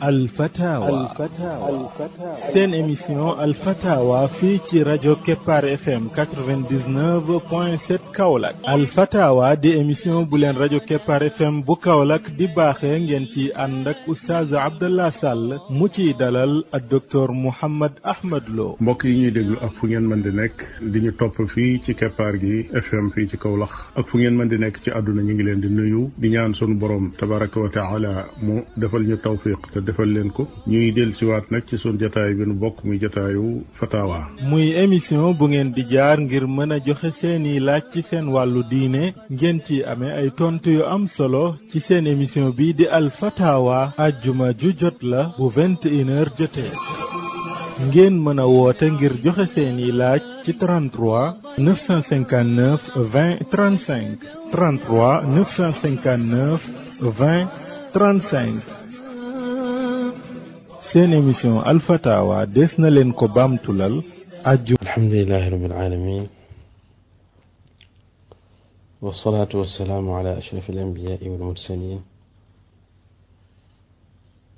alfatawa seen émission alfatawa fii ci rajo keppaar fm 99 point 7 kaolack alfatawa di émission bu leen rajo keppaar fm bu kaolack di baaxee ngeen ci ànd ak oustaz abdallah sall mu ciy dalal ak docteur mouhamad ahmad lo mbokk yi ñuy déglu ak fu ngeen mën di nekk di ñu topp fii ci keppaar gi fm fii ci kaolack ak fu ngeen mën di nekk ci àdduna ñu ngi leen di nuyu di ñaan sunu borom tabaraka wa taala mu defal ñu tawfiq defal leen ko ñuy del siwaat nag ci sun jataay bi nu bokk muy jataayu fatawa muy émission bu ngeen di jaar ngir mën a joxe seeni laaj ci seen wàllu diine ngeen ci amee ay tontu yu am solo ci seen émission bi di al fatawa ajjuma ju jot la bu vingt et jotee ngeen mën a woote ngir joxe seeni laaj ci 33 959 20 35 33 959 20 35 seen émission alfatawa des na leen ko baamtulal ajju alhamdulilahi rabbil alamin wasalaatu wasalaamu ala ashraf al anbiyai wal mursalin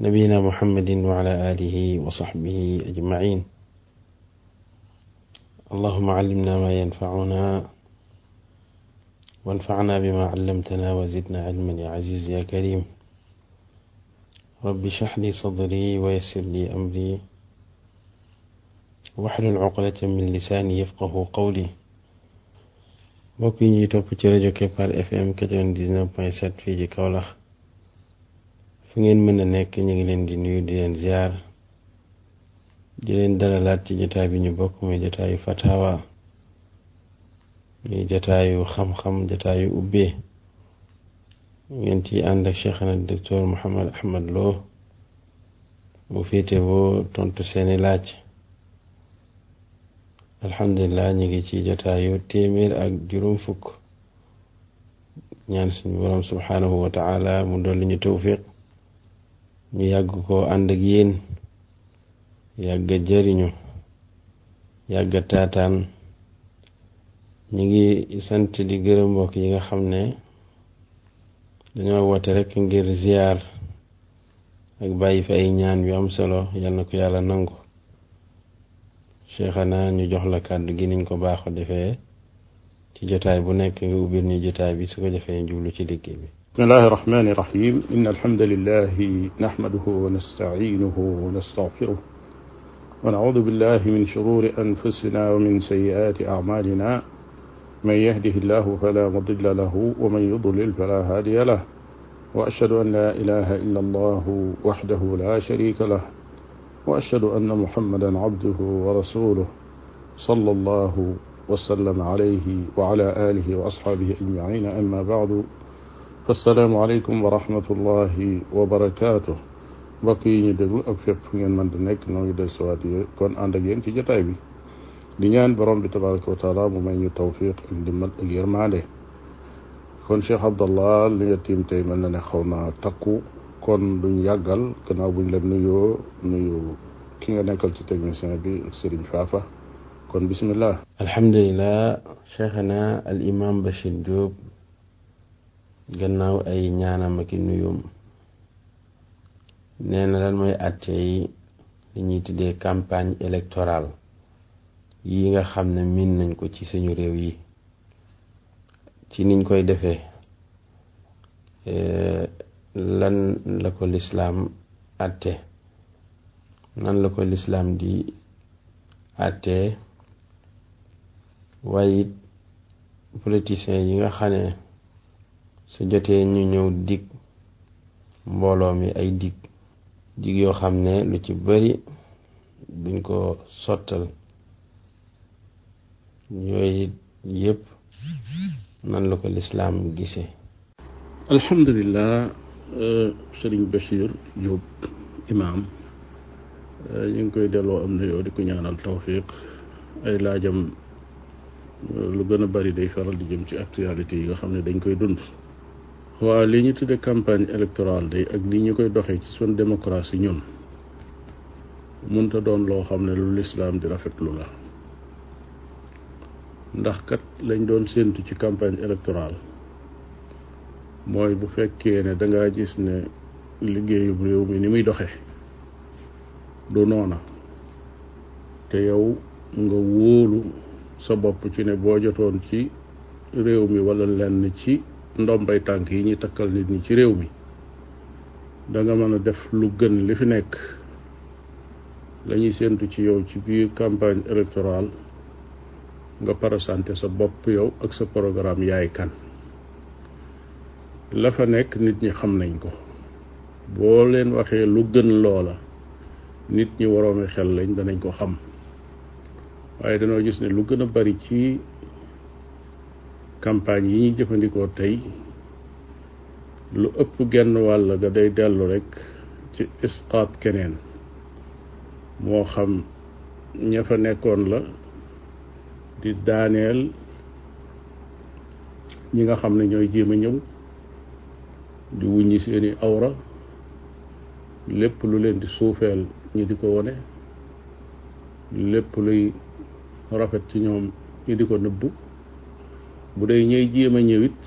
nabiyina muhammadin wa ala alihi wa sahbihi ajmain allahuma allimna ma yanfauna wanfacna bima allamtana wa zidna ilman ya aziz ya karim rabbi shrah li sadri wa yassir li amri waxlul uqdatan min lisaani yafqahu qawli mbokk yi ñuy topp ci rajo Kepar FM 99.7 fii ci kawlax fu ngeen mën a nekk ñu ngi leen di nuyu di leen ziar di leen dalalaat ci jotaay bi ñu bokk muy jotaayu fatawa muy jotaayu xam-xam jotaayu ubbee ngeen ci ànd ak cheikhana docteur Mouhammad Ahmad Lo mu féete woo tontu seeni laaj alhamdulilah ñu ngi ci jotaayu téeméer ak juróom fukk ñaan suñu borom subhaanahu wa taala mu dolli ñu tawfiq ñu yàgg koo ànd ak yéen yàgga jëriñu yàgga taataan ñu ngi sant di gërëm yi nga xam ne dañoo woote rek ngir ziar ak bàyyi fay ñaan yu am solo yal na ko yàlla nangu na ñu jox la kàddu gi niñ ko baaxo defee ci jotaay bu nekk nga ubbil ñu jotaay bi su ko defee ñu jublu ci liggéey bi bismillahi irrahmani irrahim in alhamdulillahi nahmaduhu wa nastainuhu wa nastagfiruh wa naudu min shururi anfusina wa min sayyiati amalina من يهده الله فلا مضل له ومن يضلل فلا هادي له وأشهد أن لا إله إلا الله وحده لا شريك له وأشهد أن محمدا عبده ورسوله صلى الله وسلم عليه وعلى آله وأصحابه أجمعين أما بعد فالسلام عليكم ورحمة الله وبركاته mbokk yi ñu déglu ak fépp fu ngeen mën di nekk noo ngi del siwaat yi kon ànd ak yéen ci jotaay bi di ñaan bi tabaraka wa taala mu may ñu tawfiq ak ndimbal ak yërmaande kon Cheikh Abdallah li nga tey mel na ne xaw naa takku kon duñ yàggal gannaaw bu leen nuyoo nuyu ki nga nekkal ci technicien bi Serigne Fafa kon bismillah alhamdulilah cheikhana al imam Bachir Diop gannaaw ay ñaanam ak i nuyoom nee na lan mooy atte yi li ñuy tuddee campagne électorale yi nga xam ne miin nañ ko ci suñu réew yi ci niñ koy defee eh, lan la ko lislaam àtte nan la ko lislaam di àtte waaye it politiciens yi nga xam ne su jotee ñu ñëw dig mbooloo mi ay dikk dig yoo xam ne lu ci bari duñ ko sottal yooyu yëpp nan la ko lislaam gisee alhamdulilah euh, sëriñ Bachir Diop imaam euh, ñu ngi koy delloo am na yow di ko ñaanal tawfiq ay laajam euh, lu gën a bari day faral di jëm ci actualité yi nga xam ne dañ koy dund waa li ñu tudde campagne électorale day ak li ñu koy doxee ci suñ démocratie ñun munta doon loo xam ne lu lislaam di rafetlu la ndaxkat lañ doon séentu ci campagne électorale mooy bu fekkee ne danga gis ne liggéeyub réew mi ni muy doxe du noona te yow nga wóolu sa bopp ci ne boo jotoon ci réew mi walla lenn ci ndombay tànk yi ñuy takkal nit ñi ci réew mi danga mën a def lu gën li fi nekk lañuy séentu ci yow ci biir campagne électorale nga présenté sa bopp yow ak sa programme yaay kan la fa nekk nit ñi xam nañ ko boo leen waxee lu gën loola nit ñi waroomi xel lañ danañ ko xam waaye danoo gis ne lu gën a bari ci campagne yi ñuy jëfandikoo tey lu ëpp genn wàll ga day dellu rekk ci isqaat keneen moo xam ña fa nekkoon la di daaneel ñi nga xam ne ñooy jéem a ñëw di wuññi seeni awra lépp lu leen di suufeel ñi di ko wone lépp luy rafet ci ñoom ñi di ko nëbbu bu dee ñëy jéem a ñëwit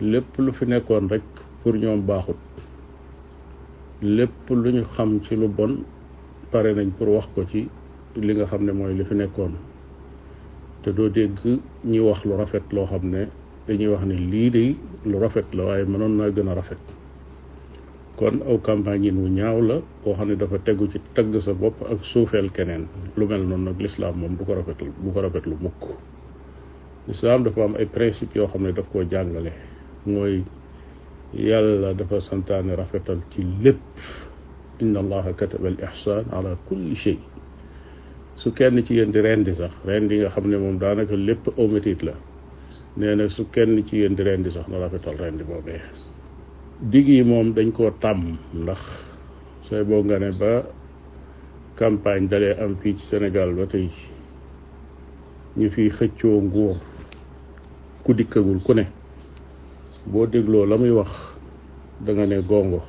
lépp lu fi nekkoon rek pour ñoom baaxut lépp lu ñu xam ci lu bon pare nañ pour wax ko ci li nga xam ne mooy li fi nekkoon te doo dégg ñi wax lu rafet loo xam ne dañuy wax ne lii de lu rafet la waaye mënoon naa gën a rafet kon aw campagne wu ñaaw la boo xam ne dafa tegu ci tagg sa bopp ak suufeel keneen lu mel noonu nag lislaam moom du ko rafet du ko rafet lu mukk lislaam dafa am ay principe yoo xam ne daf koo jàngale mooy yàlla dafa santaane rafetal ci lépp inna allaha kataba al ihsan ala kulli su kenn ci yéen di rendi sax rendi nga xam ne moom daanaka lépp ométit la nee na su kenn ci yéen di rendi sax na rafetal rendi boobee digg yi moom dañ koo tàmm ndax sooy boo nga ne ba campagne dalee am fii ci Sénégal ba tey ñu fi xëccoo nguur ku dikkagul ku ne boo dégloo la muy wax danga ne gongo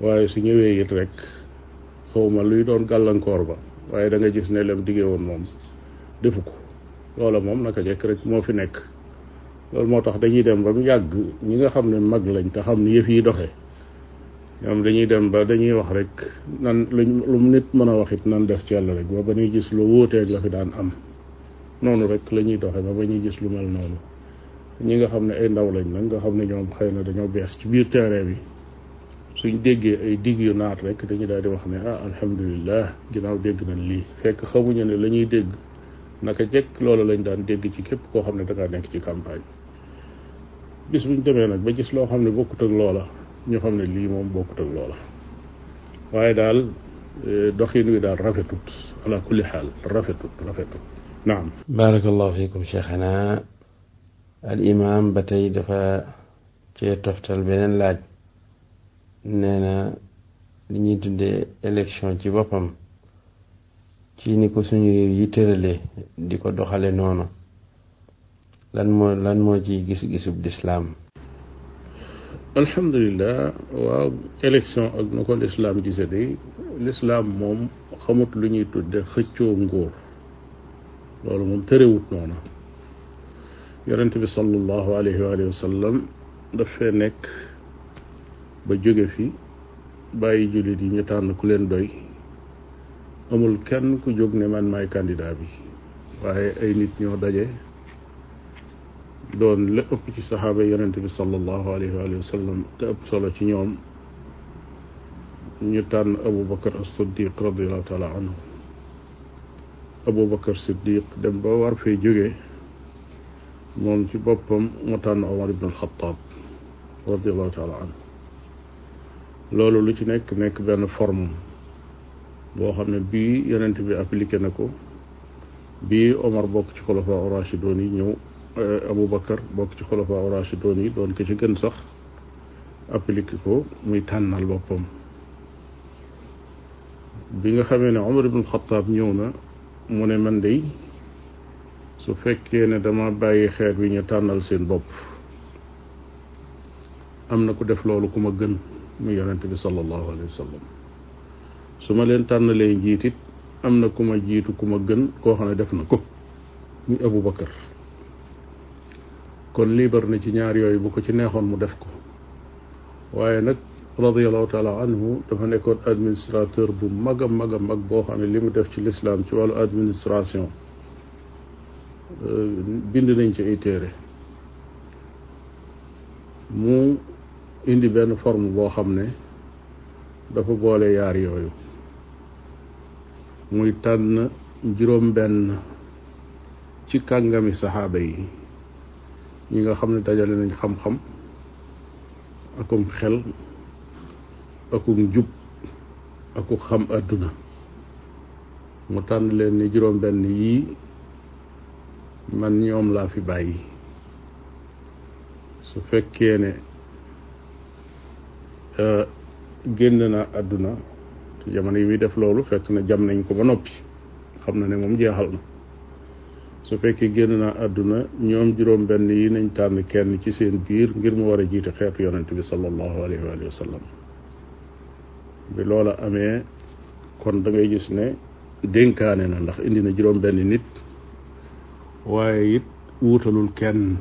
waaye su ñëwee it rek xawma luy doon gàllankoor ba waaye da gis ne lam diggee woon moom defu ko loola moom naka jekk rek moo fi nekk loolu moo tax dañuy dem ba mu yàgg ñi nga xam ne mag lañ te xam ne yëf yi doxe ñoom dañuy dem ba dañuy wax rek nan lu nit mën a wax it nan def ci yàlla rek ba ba ñuy gis lu wuuteeg la fi daan am noonu rek la ñuy doxee ba ba ñuy gis lu mel noonu ñi nga xam ne ay ndaw lañ nag nga xam ne ñoom xëy na dañoo bees ci biir terrain bi suñ déggee ay digg yu naat rek dañu daal di wax ne ah alhamdulilah ginnaaw dégg nañ lii fekk xamuñu ne la ñuy dégg naka jekk loolu lañ daan dégg ci képp koo xam ne dangaa nekk ci campagne bis buñ demee nag ba gis loo xam ne bokkut ak loola ñu xam ne lii moom bokkut ak loola waaye daal eh, doxin wi daal rafetut ala kulli xaal rafetut rafetut naam barakallahu fiikum cheikhana al ba tey dafa cee toftal beneen laaj nee na li ñuy tuddee élection ci boppam ci ni ko suñu réew yi tëralee di ko doxale noonu lan moo lan moo ci gis-gisub lislaam alhamdulilah waaw élection ak nu ko lislaam gise de lislaam moom xamut lu ñuy tudde xëccoo nguur loolu moom tërewut noonu yonent bi sallallahu alayhi wa sallam daf fee nekk ba jóge fi bàyyi jullit yi ñu tànn ku leen doy amul kenn ku jóg ne man maay candidat bi waaye ay nit ñoo daje doon la ëpp ci saxaaba yonente bi sallallahu alayhi wa te ëpp solo ci ñoom ñu tànn abu bakar as-siddiq radiallahu taala anhu abu bakar siddiq dem ba war fee jóge moom ci boppam mu tànn omar ibn alxataab radiallahu taala anhu loolu lu ci nekk nekk benn forme boo xam ne bii yonent bi appliqué na ko bii Omar bokk ci xulafaa rashidun yi ñëw eh, Abu Bakar bokk ci xulafaa rashidun yi doon ko ci gën sax appliqué ko muy tànnal boppam bi nga xamee ne Omar ibn Xataab ñëw na mu ne man dey su fekkee ne dama bàyyi xeet bi ñu tànnal seen bopp am na ku def loolu ku ma gën mu yonent bi sallallahu alayhi wa sallam su ma leen tànnalee njiit it am na ku ma jiitu ku ma gën koo xam ne def na ko muy Abu Bakar kon liibar na ci ñaar yooyu bu ko ci neexoon mu def ko waaye nag radiallahu taala anhu dafa nekkoon administrateur bu mag a mag mag boo xam ne li mu def ci lislaam ci wàllu administration euh, bind nañ ci ay téere mu indi benn forme boo xam ne dafa boole yaar yooyu muy tànn juróom benn ci kàngami saxaaba yi ñi nga xam ne dajale nañ xam-xam akum xel akum jub aku xam àdduna mu tànn leen ni juróom benn yii man ñoom laa fi bàyyi su fekkee ne Euh, génn na àdduna te jamono yi muy def loolu fekk na jam nañ ko ba noppi xam na ne moom jeexal na su fekkee génn na àdduna ñoom juróom-benn yi nañ tànn kenn ci seen biir ngir mu war a jiite xeetu yonent bi sallallahu alayhi wa sallam bi loola amee kon dangay gis ne dénkaane na ndax indi na juróom-benn nit waaye it wuutalul kenn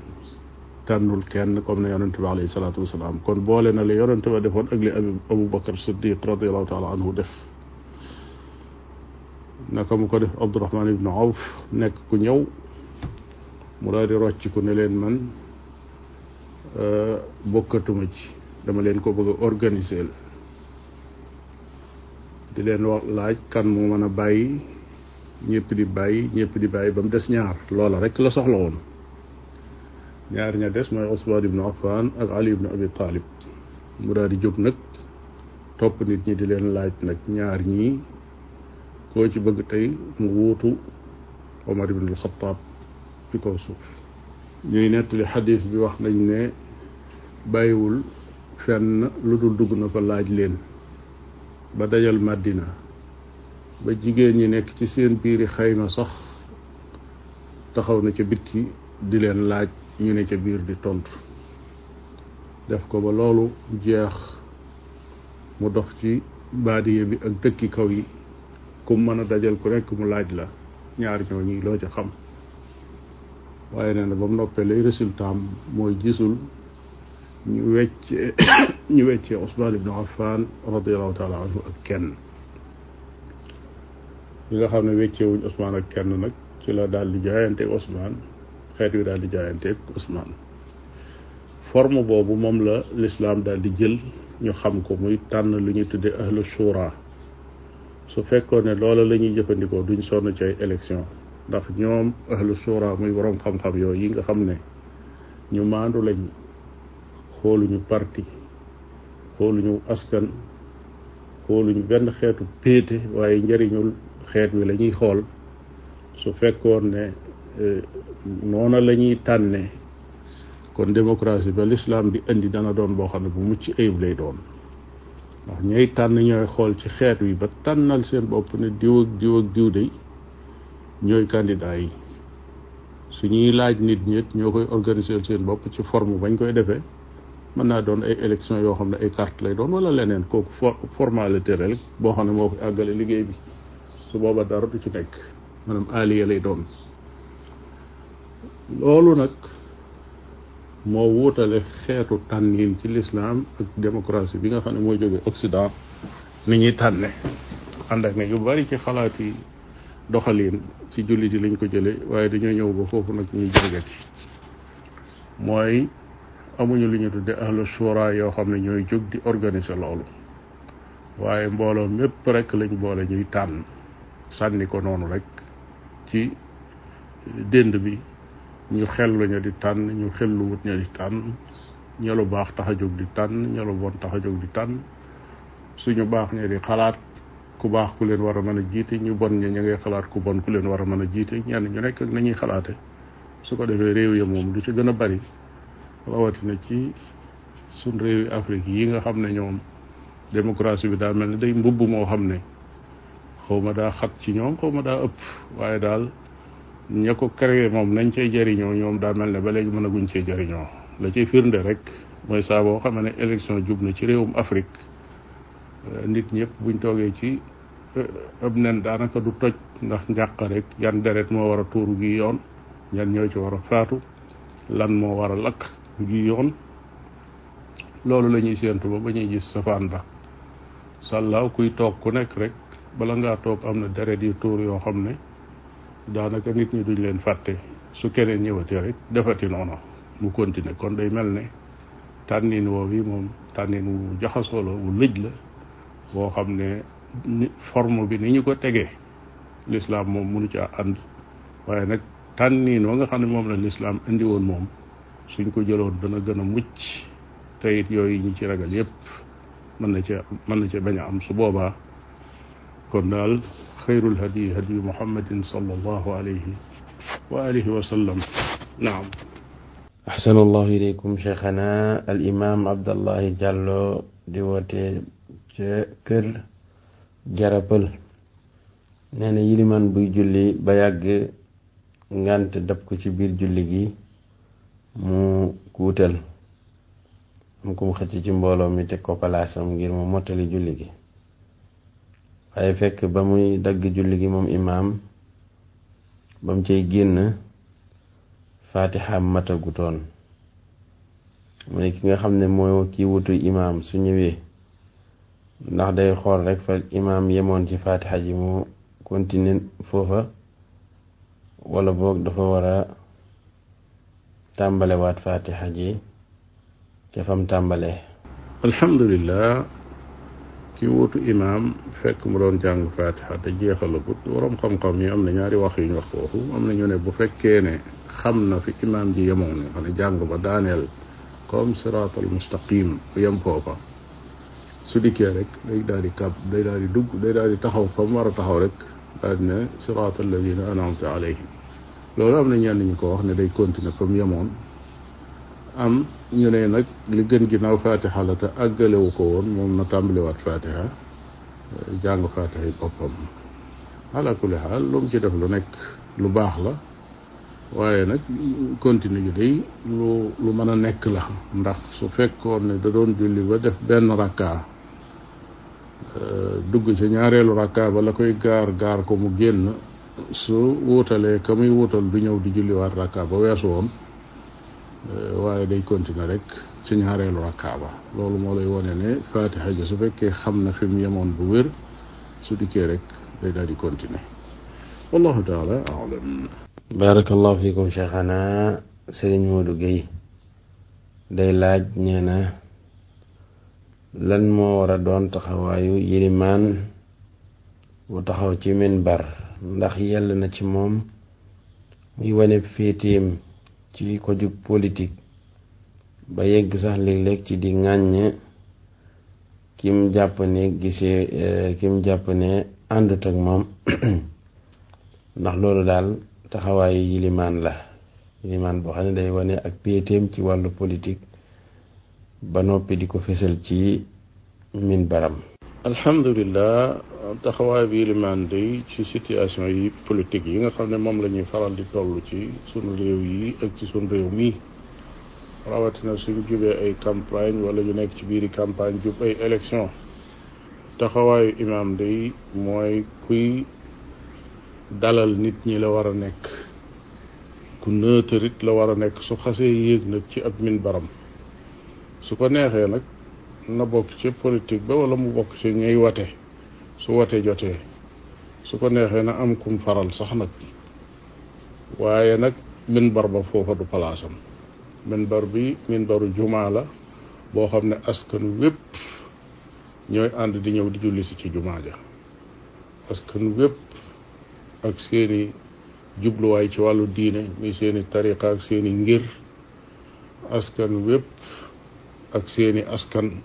tànnul kenn kom na ne yonente bi alayhi salaatu wasalaam kon boole na li yonente ba defoon ak li abi abou bakar siddiq radiallahu taala anhu def naka mu ko def abdourahman ibnu awf nekk ku ñëw mu daal di rocc ku ne leen man euh, bokkatuma ci dama leen ko bëgg a la di leen wax laaj kan mu mën a bàyyi ñëpp di bàyyi ñëpp di bàyyi ba mu des ñaar loola rek la soxla woon ñaar ña des mooy Usmaan ibnu Affaan ak Ali ibnu Abi mu daal jóg nag topp nit ñi di leen laaj nag ñaar ñii koo ci bëgg tey mu wuutu Omar ibnu Alxataab ci kaw suuf ñuy nettali xadiis bi wax nañ ne bàyyiwul fenn lu dul dugg na ko laaj leen ba dajal màddina ba jigéen ñi nekk ci seen biiri xayma sax taxaw na ca bitti di leen laaj ñu ne ca biir di tontu def ko ba loolu jeex mu dox ci baadiya bi ak dëkki kaw yi ku mën a dajal ku rekk mu laaj la ñaar ñoo ñii loo ca xam waaye nee na ba mu noppee lay résultat am mooy gisul ñu weccee ñu weccee ibnu Affaan radiallahu taala ak kenn li nga xam ne weccewuñ Usmaan ak kenn nag ci la daal di jaayante osmaan xeet wi daal di jaayanteeg Ousmane forme boobu moom la lislaam daal di jël ñu xam ko muy tànn lu ñuy tuddee ahlu shura su fekkoon ne loola la ñuy jëfandikoo duñ sonn ci ay ndax ñoom ahlu shura muy boroom xam-xam yooyu yi nga xam ne ñu maandu lañ xooluñu parti xooluñu askan xooluñu benn xeetu péete waaye njëriñul xeet wi la ñuy xool su fekkoon ne eh, noona la ñuy tànne kon démocratie ba lislaam di indi dana doon boo xam ne bu mucc ayib lay doon ndax ñooy tànn ñooy xool ci xeet wi ba tànnal seen bopp ne diw ak diw ak diw day ñooy candidat yi su ñuy laaj nit ñet ñoo koy organiser seen bopp ci forme bañ koy defee mën naa doon ay élection yoo xam ne ay carte lay doon wala leneen kooku formalité rek boo xam ne moo koy àggale liggéey bi su booba dara du ci nekk maanaam aaliya lay doon loolu nag moo wuutale xeetu tànnin ci lislaam ak démocratie bi nga xam ne moo jóge Occident ni ñuy tànne ànd ak yu bari ci xalaat yi doxalin ci jullit yi lañ ko jële waaye dañoo ñëw ba foofu nag ñuy jërgati mooy amuñu lu ñu tudde ahlu shura yoo xam ne ñooy jóg di organiser loolu waaye mbooloo mépp rekk lañ boole ñuy tànn sànni ko noonu rek ci dénd bi ñu xel la di tànn ñu xellu wut ña di tànn ña baax tax a jóg di tànn ña bon tax a jóg di tànn suñu baax ña di xalaat ku baax ku leen war a mën a jiite ñu bon ña ña ngay ku bon ku leen war a mën a jiite ñenn ñu nekk ak nañuy xalaate su ko defee réew ya moom lu ci gën a bari rawatina ci suñ réewi Afrique yi nga xam ne ñoom démocratie bi daa mel ne day mbubb moo xam ne xaw ma daa xat ci ñoom xaw ma daa ëpp waaye daal ña ko créé moom nañ cey jariñoo ñoom daa mel ne ba léegi mënaguñ cee jariñoo la ciy firnde rek mooy saa boo xam ne élection jub na ci réewum Afrique euh, nit ñëpp buñ toogee ci euh, ëb nen daanaka du toj ndax njàq rek yan deret moo war a tuuru gi yoon ñan ñoo ci war a faatu lan moo war a lakk gi yoon loolu lañuy ñuy séentu ba ba ñuy gis safaan ba sàllaaw kuy toog ku nekk rek bala ngaa toog am na deret yu tuur yoo xam ne daanaka nit ñi duñ leen fàtte su keneen ñëwatee rek defati noonu mu continuer kon day mel ne tànnin woow yi moom tànnin wu jaxasoo la wu lëj la boo xam ne forme bi ni ñu ko tegee lislaam moom mënu ci ànd waaye nag tànnin wa nga xam ne moom la lislaam indi woon moom suñ ko jëloon dana gën a mucc te yooyu ñu ci ragal yépp mën na ca mën na ca bañ a am su boobaa kon daal وخير الهدي هدي محمد صلى الله عليه وآله وسلم نعم أحسن الله di woote ca kër jarapël nee na yiliman buy julli ba yàgg ngant dab ko ci biir julli gi mu kuutal am ko mu ci mbooloo mi teg ko palaasam ngir mu mottali julli gi waaye fekk ba muy dagg julli gi moom imaam ba mu génn faatixa matagutoon mu ne ki nga xam ne mooy ki wutu imaam su ñëwee ndax day xool rekk fa imaam yemoon ci faatixa ji mu continue foofa wala boog dafa war a tàmbalewaat faatixa ji ca fam alhamdulillah ci wuutu imaam fekk mu doon jàng fatiha te jeexalagut waroom xam-xam yi am na ñaari wax yu ñu wax foofu am na ñu ne bu fekkee ne xam na fi imaam ji yemoon nga xam ne jàng ba daaneel comme siraatal mustaqim yem foofa su dikkee rek day daal di kàpp day daal di dugg day daal di taxaw fa war a taxaw rek daal di ne siraatal ladina anamta alayhim loolu am na ñenn ñu ko wax ne day continuer fa mu yemoon am ñu ne nag li gën ginnaaw fatiha la te àggalewu ko woon moom na tàmbaliwaat fatiha eh, jàng fatiha yi boppam ala kulli xaal lu mu ci def lu nekk lu baax la waaye nag continue gi day lu mën a nekk la ndax su fekkoon ne da doon julli ba def benn rakka eh, dugg ci ñaareelu rakka ba la koy gaar gaar ko mu génn su wutalee ka muy wutal du ñëw di julliwaat rakka ba weesu woon Eh, waaye day continuer rek ci ñaareelu rakkaa loolu moo lay wone ne fatiha ji su fekkee xam na fi mu yemoon bu wér su dikkee rek day daal di continuer wallahu taala alam barakallahu fiikum cheikhana Serigne Modou Gueye day laaj nee lan moo war a doon taxawaayu yilimaan bu taxaw ci minbar ndax yell na ci moom muy wane féeteem ci ko jug politique ba yegg sax léeg-léeg ci di ŋàññe kim jàpp ne gisee eh, kim jàpp ne àndut ak moom ndax loolu daal taxawaayu yilimaan la yilimaan boo xam ne day wane ak piétéem ci wàllu politik ba noppi di ko fésal ci min baram alhamdulilah taxawaay bi limaan day ci situation yi politique yi nga xam ne moom la ñuy faral di tollu ci sunu réew yi ak ci sunu réew mii rawatina suñ jubee ay campagne wala ñu nekk ci biiri campagne jub ay élection taxawaayu imaam day mooy kuy dalal nit ñi la war a nekk ku nëtërit la war a nekk su xasee yéeg nag ci ab min baram su ko neexee nag na bokk ci politique ba wala mu bokk ci ñuy wate su wate jotee su ko neexee na am kum faral sax nag waaye nag min bar ba foofa du palaasam min bar bi min baru jumaa la boo xam ne askan wépp ñooy ànd di ñëw di julli si ci jumaa ja askan wépp ak seeni jubluwaay ci wàllu diine muy seeni tariqa ak seeni ngir askan wépp ak seeni askan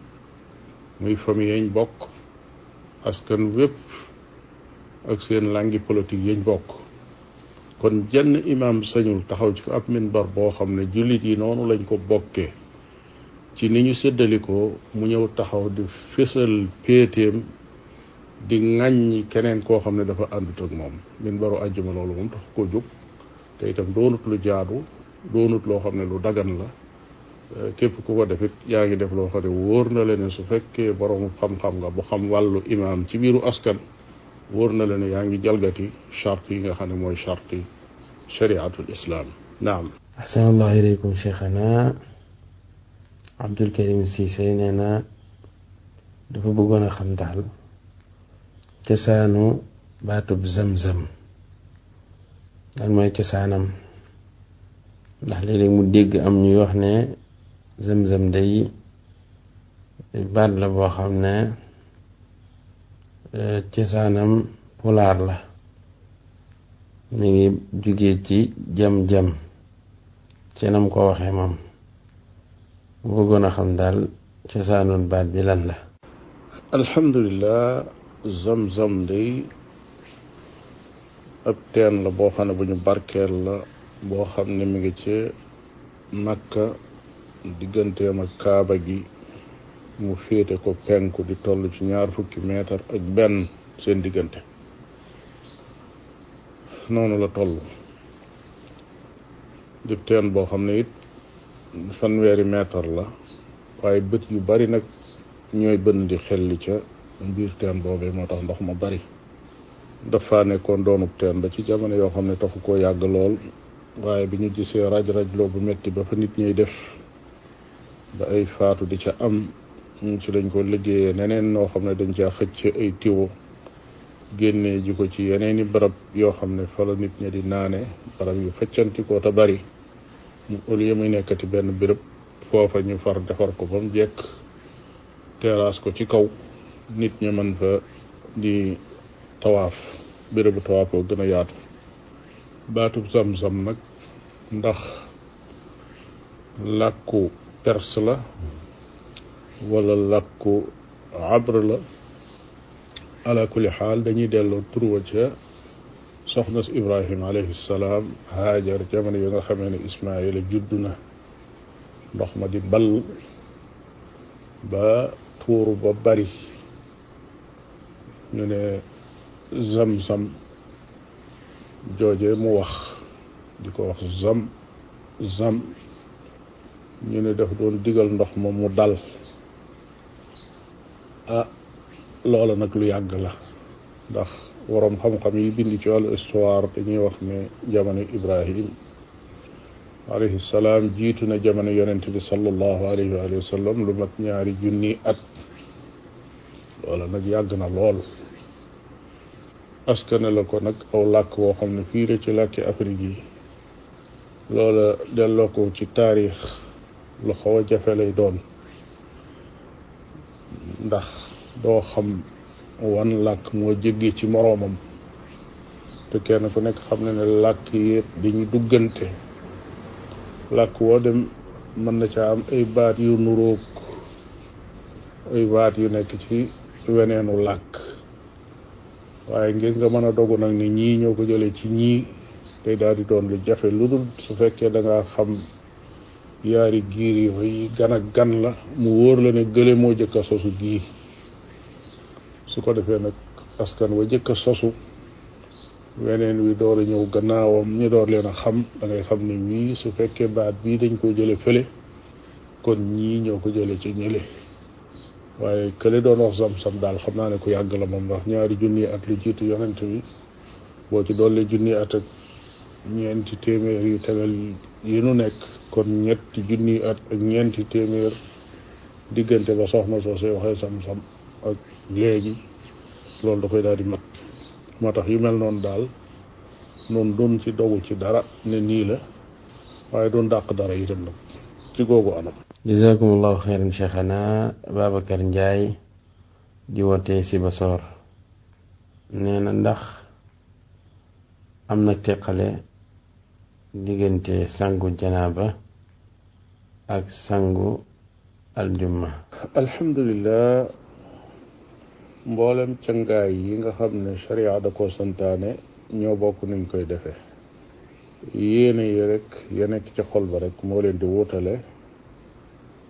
muy famille yañ bokk askan wépp ak seen langi politique yañ bokk kon jenn imam sañul taxaw ci ab minbar boo xam ne jullit yi noonu lañ ko bokkee ci ni ñu séddalikoo mu ñëw taxaw di fésal péetéem di ŋàññi keneen koo xam ne dafa àndut ak moom minbaru àjjuma loolu moom tax ko jóg te itam doonut lu jaadu doonut loo xam ne lu dagan la Euh, képp ku ko def def loo wóor na leen su fekkee borom xam-xam nga bu xam wàllu imaam ci biiru askan wóor na leen yaa ngi jalgati charte nga xam ne mooy charte yi chariatul islam naam. ahsanallahu aleykum cheikhana Abdul Karim Cissé nee na dafa bëggoon a xam daal cosaanu baatub zam-zam lan mooy cosaanam ndax léeg-léeg mu dégg am ñuy wax ne. zëm-zëm day baat la boo xam ne eh, cosaanam pulaar la mu ngi jógee ci jam-jam ceenam ko waxee moom bu bëggoon a xam daal cosaanul baat bi lan la alhamdulilah zam-zam day ab teen la boo xam ne bu ñu barkeel la boo xam ne mi ngi ci Makka digganteem ak kaaba gi mu féete ko penku di toll ci ñaar fukki meetar ak benn seen diggante noonu la toll di teen boo xam ne it fanweeri meetar la waaye bët yu bari nag ñooy bënn di xelli ca biir teen boobee moo tax ndox ma bari dafa nekkoon doonub teen ba ci jamono yoo xam ne taxu ko yàgg lool waaye bi ñu gisee raj raj loo metti ba fa nit ñuy def ba ay faatu di ca am ci lañ ko liggéeyee neneen noo xam ne dañ caa xëcc ay tiwo génnee ji ko ci yeneeni barab yoo xam ne fa nit ña di naane barab yu feccanti ko te bari mu au lieu muy nekkati benn bërëb foofa ñu far defar ko ba mu jekk terrasse ko ci kaw nit ña mën fa di tawaaf bérébu tawaaf boo gën a yaatu baatub sam-sam nag ndax làkku perse la wala làkku abre la ala kulli xaal dañuy delloo turwa ca soxna si ibrahima alayhi haajar jamono yi nga xamee ne ismaila judd na ndox ma di ball ba tuuru ba bari ñu ne zam-zam jooje mu wax di ko wax zam zam ñu ne daf doon digal ndox ma mu dal ah loola nag lu yàgg la ndax waroom xam-xam yi bind ci wàllu histoire dañuy wax ne jamono ibrahim alayhi salaam jiitu na jamono yonent bi sallallahu alayhi wa lu mat ñaari junni at loola nag yàgg na lool askane la ko nag aw làkk woo xam ne fii la ci làkki Afrique yi loola delloo ko ci taarix lu xaw a jafe lay doon ndax doo xam wan làkk moo jéggi ci moroomam te kenn ku nekk xam na ne làkk yëpp dañuy duggante làkk woo dem mën na ca am ay baat yu nuroog ay baat yu nekk ci weneenu làkk waaye ngir nga mën a dogu nag ni ñii ñoo ko jëlee ci ñii day daal di doon lu jafe lu dul su fekkee da xam ñaari giir yooyu gan gan la mu wóor la ne gële moo jëkk a sosu gii su ko defee nag askan wa jëkk a sosu weneen wi door a ñëw gannaawam ñu door leen a xam da xam ne wii su fekkee baat bii dañ koo jële fële kon ñii ñëw ko jële ci ñële waaye kële doon wax sam daal xam naa ne ko yàgg la moom ndax ñaari junni at lu jiitu yonent bi boo ci dolli junni at ak ñeenti téeméer yu tegal yi nu nekk kon ñetti junni at ak ñeenti téeméer diggante ba soxna soose waxee sam ak léegi loolu da koy daal di mat moo tax yu mel noon daal noonu doon ci dogu ci dara ne nii la waaye doon dàq dara itam nag ci googu anam jazakumullahu xeyran cheikhana Babacar Ndiaye di wootee si ba soor na ndax am na teqale diggante sangu janaaba ak sangu aljumma alhamdulillah mboolem cangaay yi nga xam ne sharia da ko santaane ñoo bokk nuñ koy defee yéene yi rek ya nekk ci xol ba rek moo leen di wutale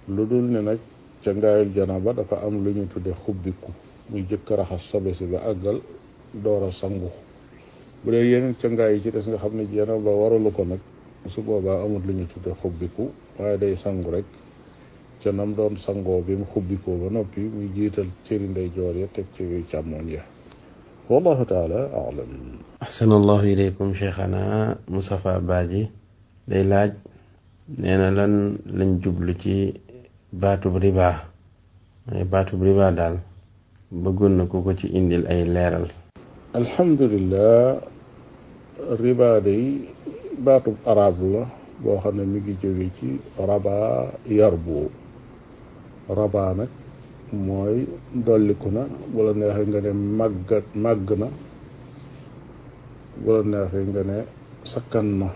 lu dul ne nag cangaayul janaaba dafa am lu ñu tudde xubbiku muy jëkk raxas sobe si ba àggal door sangu bu dee yeneen cangaay yi ci des nga xam ne janaaba waralu ko nag su boobaa amul lu ñu tudde xubbiku waaye day sangu rek ca nam doon sangoo bi mu xubbikoo ba noppi mu jiital cëri ndeyjoor ya teg ci càmmoñ ya wallahu taala alam ahsanallahu ilaykum cheikhana Moustapha Badji day laaj nee na lan lañ jublu ci baatub riba mooy baatub daal bëggoon na ku ko ci indil ay leeral alhamdulillah riba day baatub arab la boo xam ne mi ngi jóge ci raba yarbu raba mooy dolliku na wala la ne màgg màgg na bu la neexee nga ne sakkan na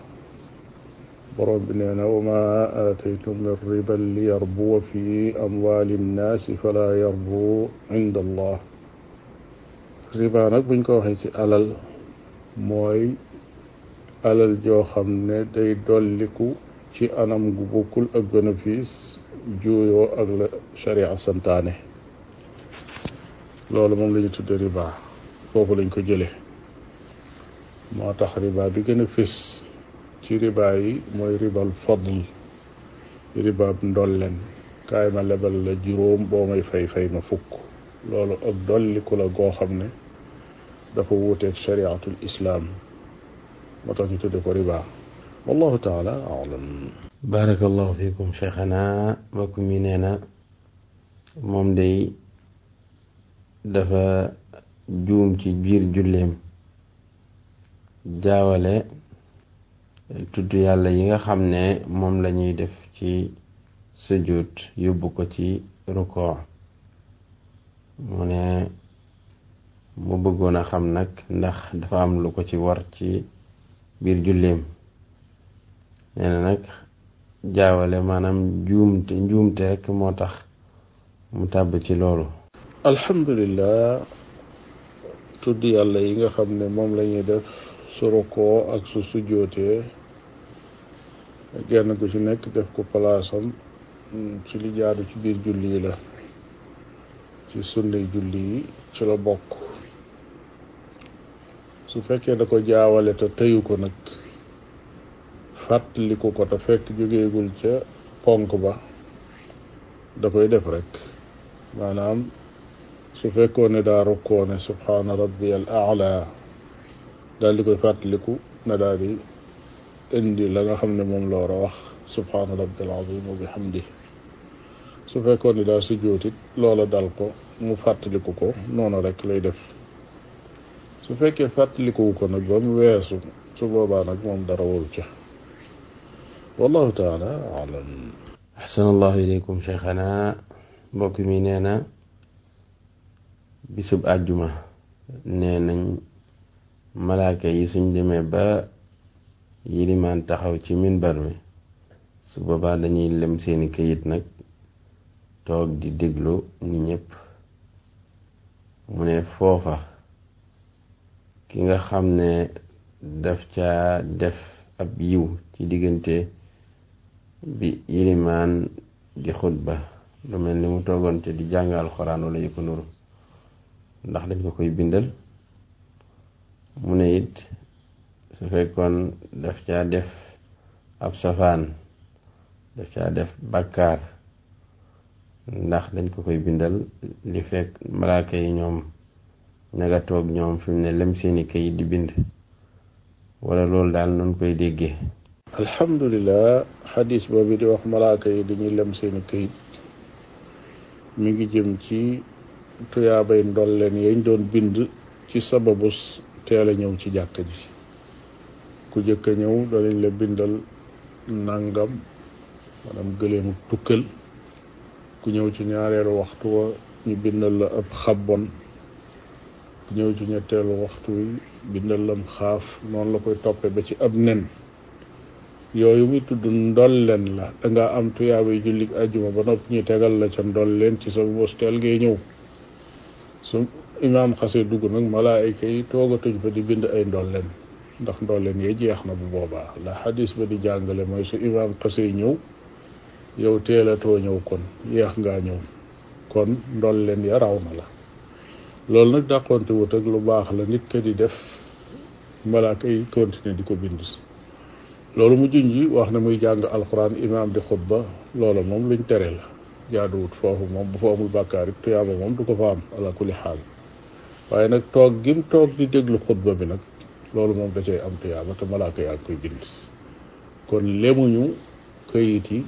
borom bi nee na wa ma aataytum min riban li yarbuwa fi amwaali nnaasi fala yarbu inda allah riba nag buñ ko waxee ci alal mooy alal joo xam ne day dolliku ci anam gu bokkul ak bénéfice juuyoo ak la sharia santaane loolu moom lañu ñu tudde foofu lañ ko jële moo tax riba bi gën a fés ci riba yi mooy ribal fadl ribaab ndolleen kaay ma lebal la juróom boo may fay fay ma fukk loolu ak dolliku la goo xam ne dafa wuuteeg shariatul islaam moo tax ñu tudde ko riba wallahu taala alam barakallahu fiikum cheikhana mbokk mi nee na moom day dafa juum ci biir julleem jaawale tudd yàlla yi nga xam ne moom la ñuy def ci sujud yóbbu ko ci ruko mu ne mu bëggoon a xam nag ndax dafa am lu ko ci war ci biir julleem nee na jaawale maanaam njuumte njuumte rekk moo tax mu tàbb ci loolu alhamdulilah tudd yàlla yi nga xam ne moom lañuy def su rukkoo ak su sujjootee genn ku ci nekk def ko palaasam ci li jaadu ci biir julli la ci sunna julli ci la bokk su fekkee da ko jaawale te tëyu ko nag fàttaliku ko te fekk jógeegul ca ponk ba da koy def rek maanaam su fekkoon ne daa rukkoo ne subhaana rabbi al aala daal di koy fàttaliku na daal indi la nga xam ne moom la war a wax subhaana rabbi al azim wa bihamdi su fekkoon ne daa sujjóotit loola dal ko mu fàttaliku ko noonu rek lay def su fekkee fàttalikuwu ko nag ba mu weesu su boobaa nag moom dara waru ca wallahu taala ahsanallahu ilaykum cheikhana mbokk mi nee na bisub àjjuma nee nañ malaaka yi suñ demee ba yilimaan taxaw ci minbar bi su boobaa dañuy lem seeni kayit nag toog di déglu ñi ñëpp mu ne foofa ki nga xam ne daf ca def ab yiw ci diggante bi ilimaan di xutba lu mel ni mu toogoon te di jàng alxuraan wala yu ko nuru ndax dañ ko koy bindal mu ne it su fekkoon daf caa def ab safaan daf caa def bàkkaar ndax dañ ko koy bindal li fekk malaaka yi ñoom na nga toog ñoom fi ne lem seeni kayit di bind wala loolu daal noonu koy déggee alhamdulilah xadis boobu di wax malaaka yi dañuy lem seeni kayit mu ngi jëm ci tuyaabay ndolleen yañ doon bind ci sababus teel a ñëw ci jàkka ji ku jëkk a ñëw danañ la bindal nangam maanaam gëleemu tukkal ku ñëw ci ñaareelu waxtu wa ñu bindal la ab xabbon ñëw ci ñetteelu waxtu wi lam xaaf noonu la koy toppe ba ci ab nen yooyu muy tudd ndolleen la danga am tuyaabay jullik ajjuma ba noppi ñu tegal la ca ndolleen ci sa bosteel ngay ñëw su imaam xasee dugg nag malaayka yi toogatuñ fa di bind ay ndolleen ndax ndolleen yee jeex na bu boobaa la xadis ba di jàngale mooy su imaam xasee ñëw yow teelatoo ñëw kon yeex ngaa ñëw kon ndolleen ya raw na la loolu nag dàqonte wut ak lu baax la nit ka di def malaaka yi continuer di ko bind loolu mu junj wax na muy jàng alxuraan imaam di xutba loola moom luñ tere la jaaduwut foofu moom bu fa amul bàkkaar tuyaaba moom du ko fa am ala kulli xaal nag toog toog di déglu xutba bi nag loolu moom da am tuyaaba te malaaka yaa ngi koy bind kon lemuñu këyit yi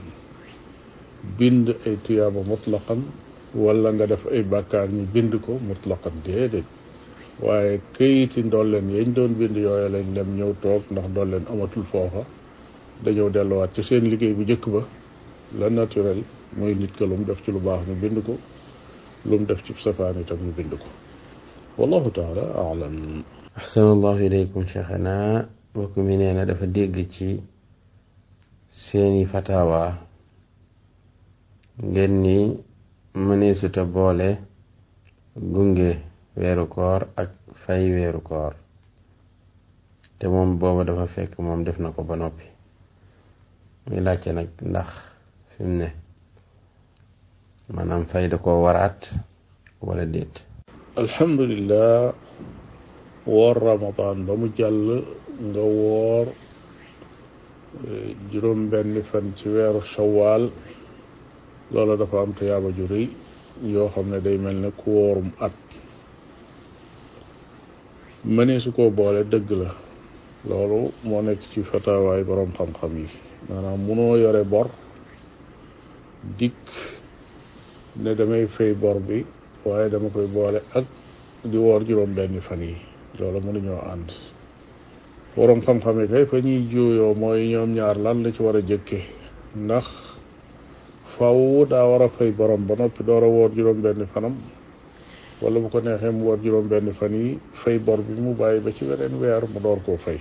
bind ay tuyaaba mutlaqan wala nga def ay bàkkaar ñu bind ko mutlaqan déedéet waaye këyiti ndolleen yañ doon bind yooya lañ dem ñëw toog ndax ndolleen amatul foofa dañoo delluwaat ci seen liggéey bu njëkk ba la naturel mooy nit ka lu mu def ci lu baax ñu bind ko lu mu def ci safaan itam ñu bind ko wallahu taala alam ahsanallahu ilaykum dégg ci seeni fatawa ngeen ni mëneesuta boole gunge weeru koor ak fay weeru koor te moom booba dafa fekk moom def na ko ba noppi muy laajte nag ndax fi ne maanaam fay ko waraat wala déet alhamdulillah woor ramadan ba mu jàll nga woor eh, juróom benn fan ci weeru shawaal loola dafa am tuyaaba ju rëy yoo xam ne day mel ne ku wóorum at mënee su ko boole dëgg la loolu moo nekk ci fataawaay boroom xam-xam yi maanaam munoo yore bor dikk ne damay fay bor bi waaye dama koy boole ak di woor juróom benn fan yi loolu mënuñoo ànd boroom xam-xam yi kay fa ñuy juuyoo mooy ñoom ñaar lan la ci war a jëkke ndax faw daa war a fay borom ba noppi door a woor juróom-benni fanam wala bu ko neexee mu woor juróom-benni fan yi fay bor bi mu bàyyi ba ci weer mu door koo fay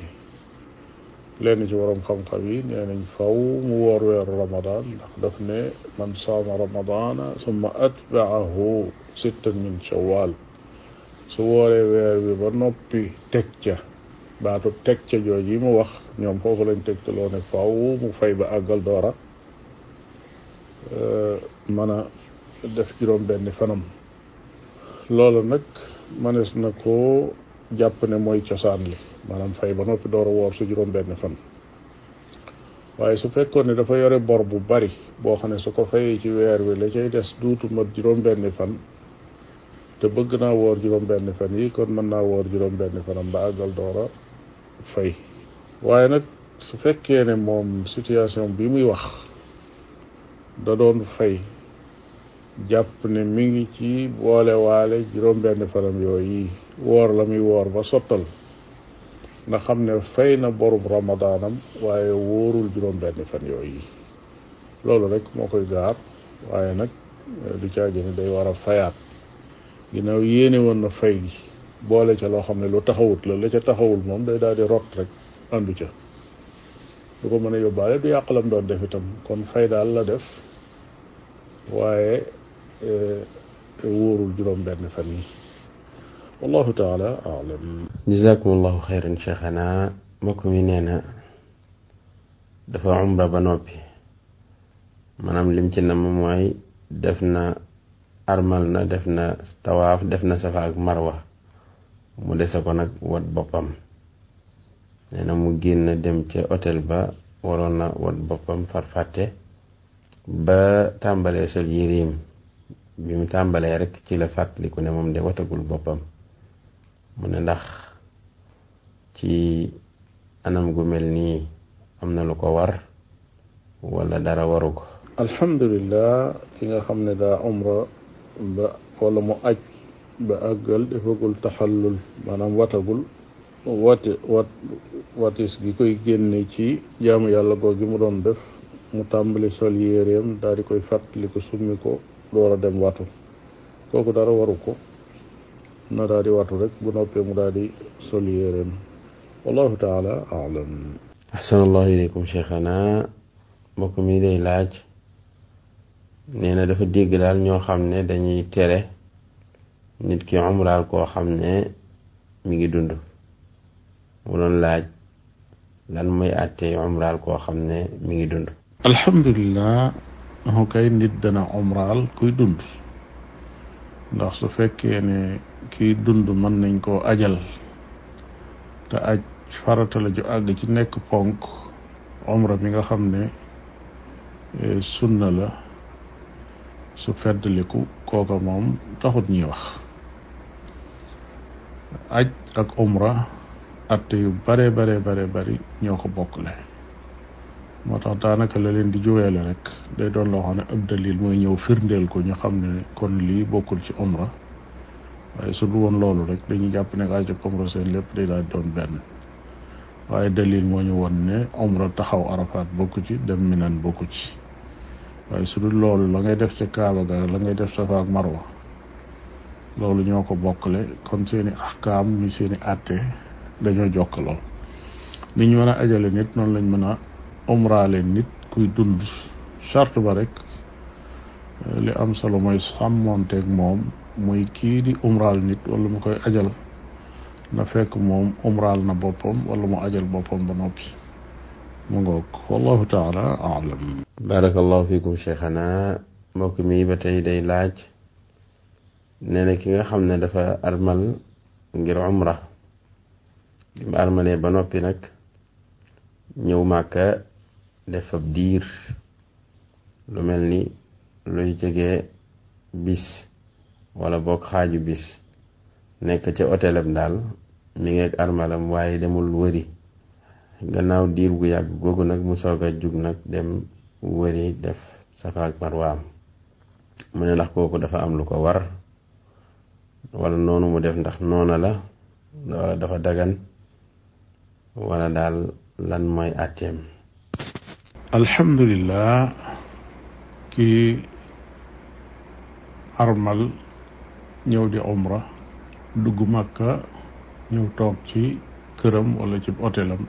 lenn ci borom xam-xam yi nee nañ faw mu woor weeru ramadan ndax daf man saama ramadana summa atbaahu sittan min shawal su wooree weer wi ba noppi teg ca baatu teg ca jooju yi mu wax ñoom foofu lañ teg ca loo ne faw mu fay ba àggal doora mën a def juróom benni fanam loolu nag mënees na ko jàpp ne mooy cosaan li maanaam fay ba noppi door a woor su juróom benni fan waaye su fekkoon ne dafa yore bor bu bari boo xam ne su ko fayee ci weer wi la cay des duutu mat juróom benni fan te bëgg naa woor juróom benni fan yi kon mën naa woor juróom benni fanam ba àggal door fay waaye nag su fekkee ne moom situation bi muy wax da doon fay jàpp ne mi ngi ci boolewaale juróom benn fanam yooyu woor la muy woor ba sottal na xam ne fay na borub ramadaanam waaye wóorul juróom benn fan yooyu loolu rek moo koy gaar waaye nag eh, di caagi ne day war a fayaat ginnaaw yéene woon na fay gi boole ca loo xam ne lu taxawut la la ca taxawul moom day daal di rot rek àndu ca du ko mën a yóbbaale du yàq lam doon def itam kon fay daal la def waaye e, wóorul juróom benn fan yi wallahu taala alam jazakumullahu xeyran cheikhana mbokk mi nee na dafa umra ba noppi maanaam lim ci nam mooy def na armal na def na tawaaf def na safa ak marwa mu dese ko nag wat boppam nee na mu génn dem ca hôtel ba waroon na wat boppam farfàtte ba tàmbalee sol yéreem bi mu tàmbalee rek ci la fàttaliku ne moom de watagul boppam mu ne ndax ci anam gu mel nii am na lu ko war wala dara waru ko alhamdulillah ki nga xam ne da umra ba wala mu aj ba àggal defagul taxallul maanaam watagul wati watis gi koy génne ci jaamu yàlla googu mu doon def mu tàmbali sol yéeréem daal di koy fàttaliku summi ko door a dem watu kooku dara waru ko na daal di watu rek bu noppee mu daal di sol yéeréem wallahu taala alam ahsanallahu mbokk mi day laaj nee dafa dégg daal ñoo xam ne dañuy tere nit ki umraal koo xam ne mi ngi dund mu doon laaj lan mooy àttee umraal koo xam ne mi ngi dund alhamdulilah moo kay nit dana umraal kuy dund ndax su fekkee ne kiy dund mën nañ koo ajal te aj farata la ju àgg ci nekk ponk umra mi nga xam ne e, sunna la su feddliku kooka moom taxut ñuy wax aj ak umra atte yu bare bare bare ñoo ko bokkle moo tax daanaka la leen di juweele rek day doon loo xam ne ab dalil mooy ñëw firndeel ko ñu xam ne kon lii bokkul ci umra waaye su du woon loolu rek dañuy jàpp ne aj ak umra seen lépp day daal doon benn waaye dalil moo ñëw won ne umra taxaw arafaat bokku ci dem minan bokku ci waaye su dul loolu la ngay def ca kaaba ga la ngay def safa ak marwa loolu ñoo ko bokkale kon seeni ahkaam mi seeni àtte dañoo jokkaloo ni ñu mën a ajale nit noonu lañ mën a umraale nit kuy dund charte ba rek eh, li am solo mooy sàmmoonteeg moom muy kii di umraal nit wala mu koy ajal na fekk moom umraal na boppam wala mu ajal boppam ba noppi mu ngoog wallahu taala alam barakallahu fikum cheikhana mbokk mi ba tey day laaj nee na ki nga xam ne dafa armal ngir umra ba ba noppi nag ñëw màkka def ab diir lu mel ni luy jege bis walla boog xaaju bis nekk ca otelam daal mi ngi ak waaye demul wëri gannaaw diir gu yàgg googu nag mu soog a jug nag dem wëri def safa marwaam mu ne lax kooku dafa am lu ko war wala noonu mu def ndax noona la wala dafa dagan wala daal lan mooy àtteem alhamdulillah kii armal ñëw di umra dugg Makka ñëw toog ci këram walla ci otelam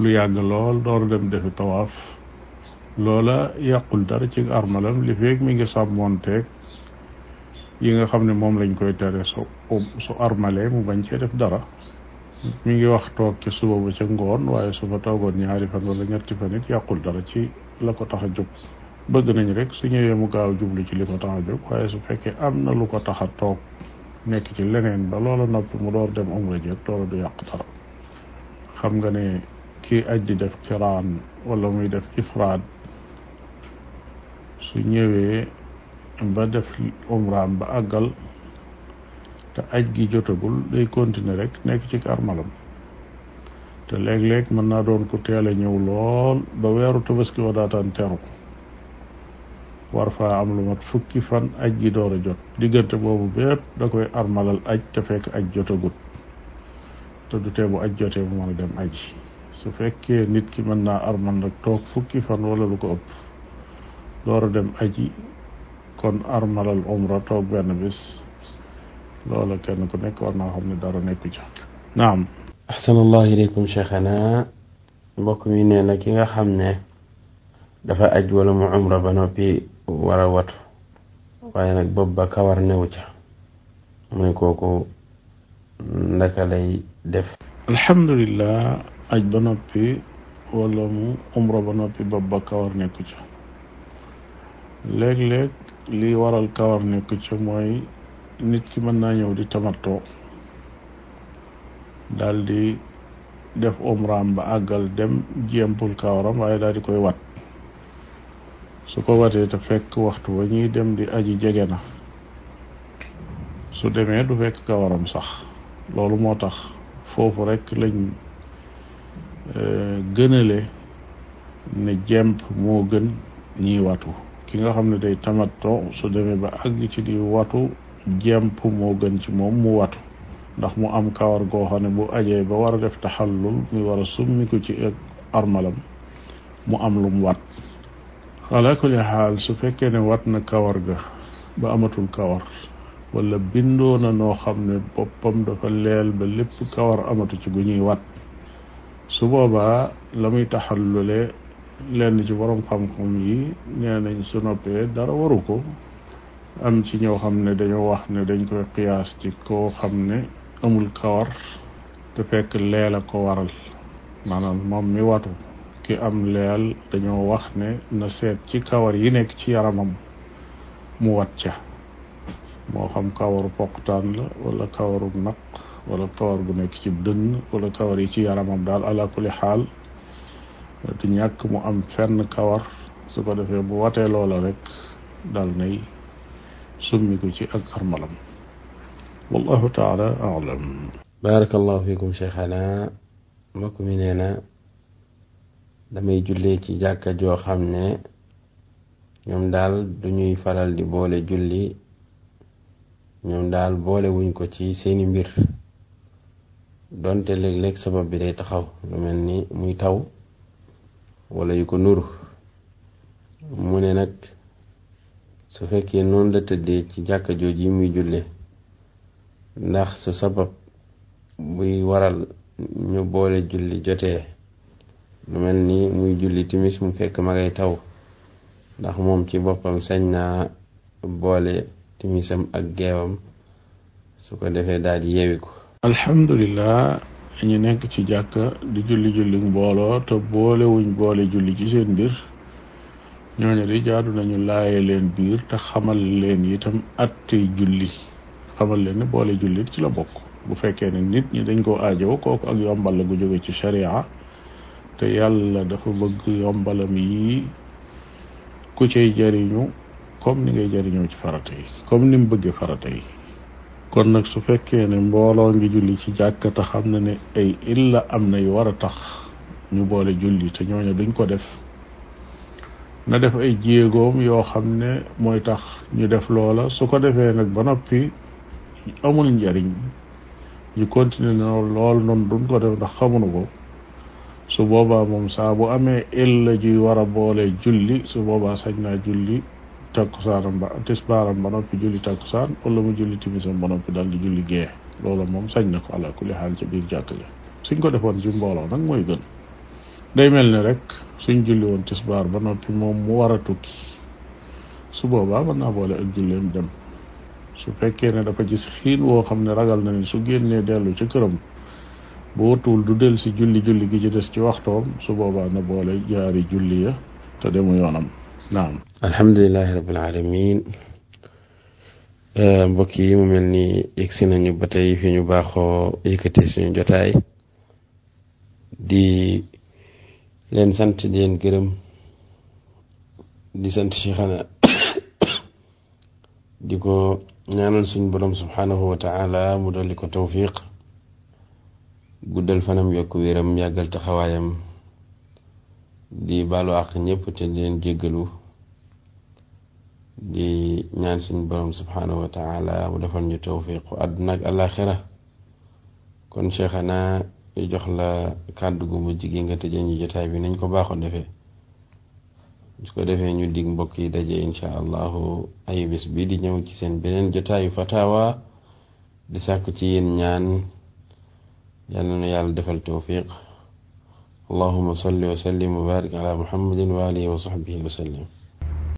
lu yàgg lool door dem defi tawaaf loola yàqul dara ci armalam li feeg mi ngi sàmmoonteeg yi nga xam ne moom lañ koy tere su su armalee mu bañ cee def dara mi ngi wax toog ci suba ba ca ngoon waaye su fa toogoon ñaari fan wala ñetti fan it yàqul dara ci la ko tax a jóg bëgg nañu rek su ñëwee mu gaaw jublu ci li ko tax a jóg waaye su fekkee am na lu ko tax a toog nekk ci leneen ba loola noppi mu door dem umra jëg loola du yàq dara xam nga ne kii aj di def muy def ifraad su ñëwee ba def umraam ba àggal te aj gi jotagul day continuer rek nekk ci armalam te léeg-léeg mën naa doon ku teel a ñëw lool ba weeru tabaski wa daataan teru war faa am lu mat fukki fan aj gi door a jot diggante boobu bépp da koy armalal aj te fekk aj jotagut te du tee bu aj jotee mu mën a dem aj su fekkee nit ki mën naa armal nag toog fukki fan wala lu ko ëpp door a dem aji kon armalal umra toog benn bis loola kenn ku nekk war naa xam ne dara nekku ci naam ahsanallahu ilaykum cheikhana mbokk mi nee na ki nga xam ne dafa aj wala mu umra ba noppi war a watu waaye nag bopp ba kawar newu ca mu ne kooku ndaka lay def alhamdulillah aj ba noppi wala mu umra ba noppi bopp ba kawar nekku ca léeg li waral kawar nekku ca mooy nit ki mën naa ñëw di tamatoo daal di def umraam ba àggal dem jéempul kaawaram waaye daal di koy wat su ko watee te fekk waxtu wa ñuy dem di aji jege na su demee du fekk kawaram sax loolu moo tax foofu rekk lañ e, gënale ne jemp moo gën ñiy watu ki nga xam ne day tamattoo su demee ba àgg ci di watu jemp moo gën ci moom mu watu ndax mu am kawar goo xam ne bu ajee ba war a def taxallul mi war a summi ko ci ak armalam mu am lum wat ala kulli xaal su fekkee ne wat na kawar ga ba amatul kawar wala bindoo na noo xam ne boppam dafa leel ba lépp kawar amatu ci gu ñuy wat su boobaa la muy taxallule lenn ci borom xam-xam yi nee nañ su noppee dara waru ko am ci ñoo xam ne dañoo wax ne dañ koy qiyaas ci koo xam ne amul kawar te fekk leel a ko waral maanaam moom mi watu ki am leel dañoo wax ne na seet ci kawar yi nekk ci yaramam mu wat ca moo xam kawaru poqtaan la wala kawaru naq wala kawar gu nekk ci dënn wala kawar yi ci yaramam daal ala kulli xaal du ñàkk mu am fenn kawar su ko defee bu watee loola rek dal nay summiku ci ak armalam wallahu fikum cheikhana mbokk mi nee na damay jullee ci jàkka joo xam ne ñoom daal du ñuy faral di boole julli ñoom daal boole wuñ ko ci seeni mbir donte léeg-léeg sabab bi day taxaw lu mel ni muy taw wala yu ko nuru mu ne nag su fekkee noonu la tëddee ci jàkka jooj yi muy julle ndax su sabab buy waral ñu boole julli jotee lu mel ni muy julli timis mu fekk ma ngay taw ndax moom ci boppam sañ naa boole timisam ak geewam su ko defee daal di yeewi ko alhamdulilah ñu nekk ci jàkka di julli julli mbooloo te boolewuñ boole julli ci seen mbir ñooñu di jaadu nañu laaye leen biir te xamal leen itam attey julli xamal leen ne boole jullit ci la bokk bu fekkee ne nit ñi dañ koo aajow kooku ak yombal la gu jóge ci sharia te yàlla dafa bëgg yombalam yi ku cay jariñu comme ni ngay jariñoo ci farata yi comme ni mu bëggee farata yi kon nag su fekkee ne mbooloo ngi julli ci jàkka xam na ne ay illa am na yu war a tax ñu boole julli te ñooñu duñ ko def na def ay jéegoom yoo xam ne mooy tax ñu def loola su ko defee nag ba noppi amul njariñ ñu continuer na lool noonu duñ ko def ndax xamuñu ko su boobaa moom saa bu amee illa juy war a boole julli su boobaa sañ naa julli takkusaanam ba tisbaaram ba noppi julli takkusaan wala mu julli timisam ba noppi daal di julli gee loolu moom sañ na ko ala kulli xaal ca biir jàkk ja suñ ko defoon ci mbooloo nag mooy gën day mel ni rek suñ julli woon tisbaar ba noppi moom mu war tukki su boobaa mën naa boole ak julleem dem su fekkee ne dafa gis xiin woo xam ne ragal na ni su génnee dellu ci këram bu wëtuwul du del si julli julli gi ci ci waxtoom su boobaa na boole jaari julli ya te demu yoonam naam alhamdulilahi rabbil alamin eh, mbokk yi mu mel ni yegsi nañu ba tey fi ñu baaxoo yëkkatee suñu jotaay di leen sant di gërëm di sant Cheikhana di ko ñaanal suñ borom subhanahu wa taala mu dolli ko tawfiq guddal fanam yokk wéram yàggal taxawaayam di balo àq ñépp te di leen jéggalu di ñaan suñ borom subhanahu wa taala mu defal ñu tawfiq àdduna ak àllaaxira kon Cheikhana di jox la kàddu gu mujj nga tëjee ñu bi nañ ko baaxoo defee ko defee ñu dig mbokk yi daje incha allahu ay bés bii di ñëw ci seen beneen jotaayu fatawa di sàkku ci yéen ñaan yal na yàlla defal tawfiq allahuma salli wa sallim wa barik ala muhammadin wa alihi wa sahbihi wa